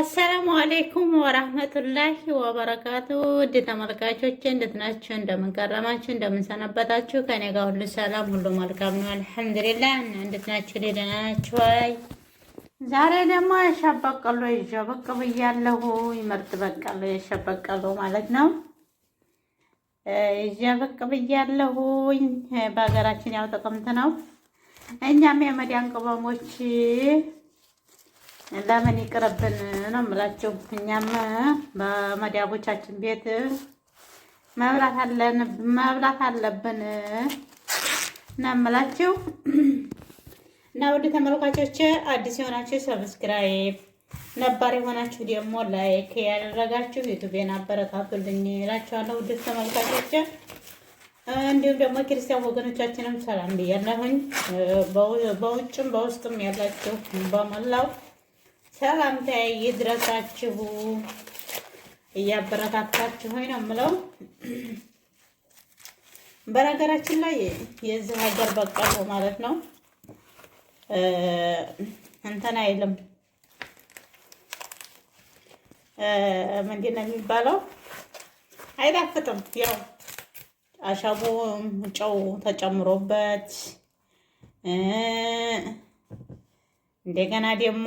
አሰላሙ አሌይኩም ወራህመቱላሂ ወበረካቱ ውድ ተመልካቾች እንዴት ናችሁ? እንደምንቀረማችሁ እንደምንሰነበታችሁ፣ ከኔ ጋር ሁሉ ሰላም ሁሉ መልካም ነው አልሐምዱሊላህ። እና እንዴት ናችሁ? ደህና ናችሁ ወይ? ዛሬ ደግሞ የሸበቀሎ ይዤ ብቅ ብያለሁ። ምርጥ በቀሎ የሸበቀሎ ማለት ነው ይዤ ብቅ ብያለሁኝ። በሀገራችን ያው ጥቅምት ነው። እኛም የመዲያን ቅመሞች ለምን ይቅርብን ነው የምላቸው። እኛም በመዳቦቻችን ቤት መብላት አለን መብላት አለብን ነው የምላቸው። እና ውድ ተመልካቾች አዲስ የሆናችሁ ሰብስክራይብ፣ ነባር የሆናችሁ ደግሞ ላይክ ያደረጋችሁ ዩቱቤን አበረታቱልኝ እላችኋለሁ። ውድ ተመልካቾች እንዲሁም ደግሞ ክርስቲያን ወገኖቻችንም ሰላም ብያለሁኝ። በውጭም በውስጥም ያላችሁ በመላው ሰላምታ ይድረሳችሁ። እያበረታታችሁ ነው የምለው። በነገራችን ላይ የዚህ ሀገር በቀሎ ማለት ነው እንትን አይልም ምንድን ነው የሚባለው? አይዳፍጥም። ያው አሻቦ ጨው ተጨምሮበት እንደገና ደግሞ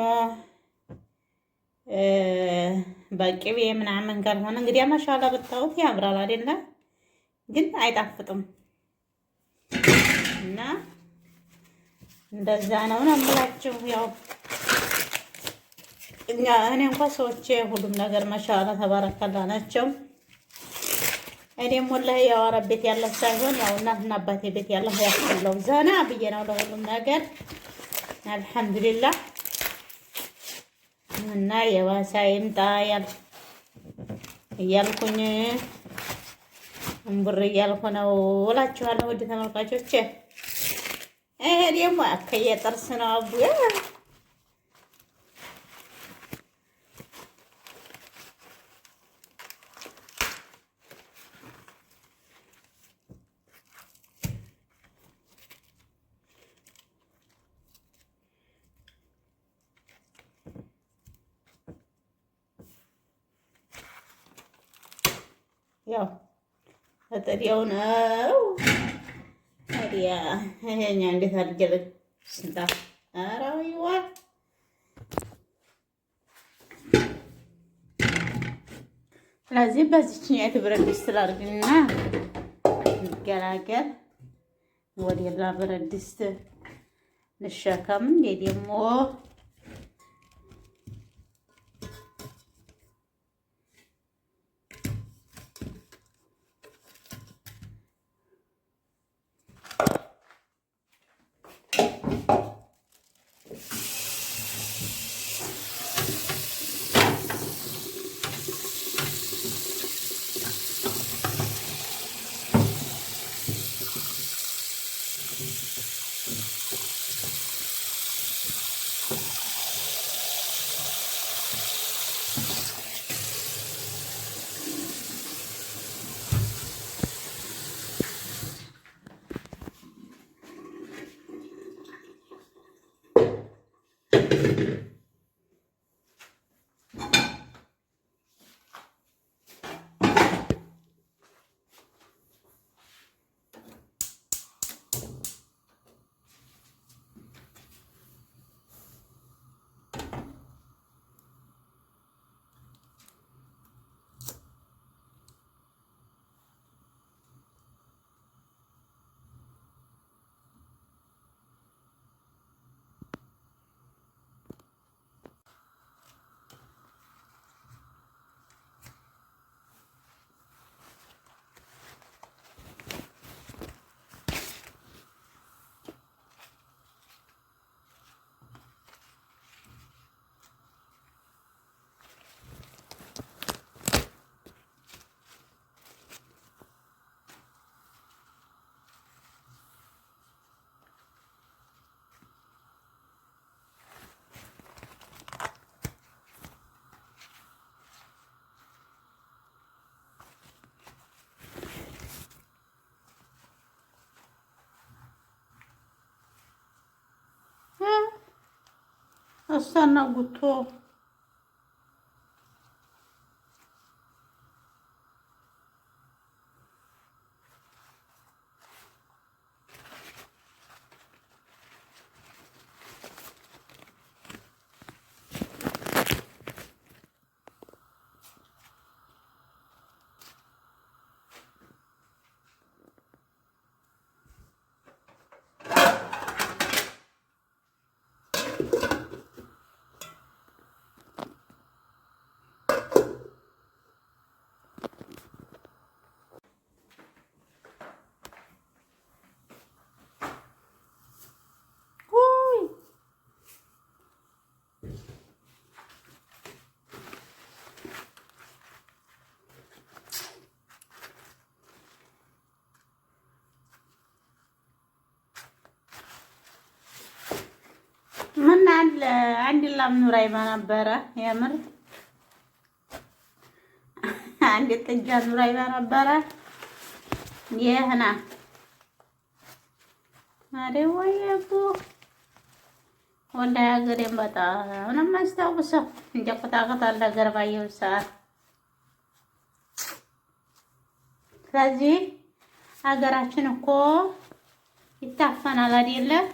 በቅቤ ምናምን ካልሆነ እንግዲህ ማሻላ ብታዩት ያምራል አይደለ? ግን አይጣፍጥም። እና እንደዛ ነው ነው የምላችሁ። ያው እኛ እኔ እንኳን ሰዎቼ ሁሉም ነገር ማሻላ ተባረከላ ናቸው። እኔም ወላሂ ያው አረብ ቤት ያለ ሳይሆን ያው እናትና አባቴ ቤት ያለ ያለው ዘና ብዬ ነው ለሁሉም ነገር አልሐምዱሊላህ እና የዋሳ ይምጣ እያልኩኝ እምቡር እያልኩ ነው እላችኋለሁ ውድ ተመልካቾች። ይሄ ደግሞ አከየ ጥርስ ነው አቡ ያው አጠሪያው ነው። ታዲያ እኛ እንዴት አድርገን ስንጣ አራዊዋ ስለዚህ በዚችኛ የብረት ድስት ላድርግና ገላገል ወደ ሌላ ብረት ድስት ልሸከም እንዴ ደግሞ asa na guto አንድ ላም ኑራይማ ነበረ። የምር አንድ ጥጃ ኑራይማ ነበረ። ይህና አደወየቡ ወላሂ ሀገሬን በጣም ነው የማስታውሰው። እንደ ቁጣቁጣ ሀገር ባየሁ ሰዓት ስለዚህ ሀገራችን እኮ ይታፈናል አይደለም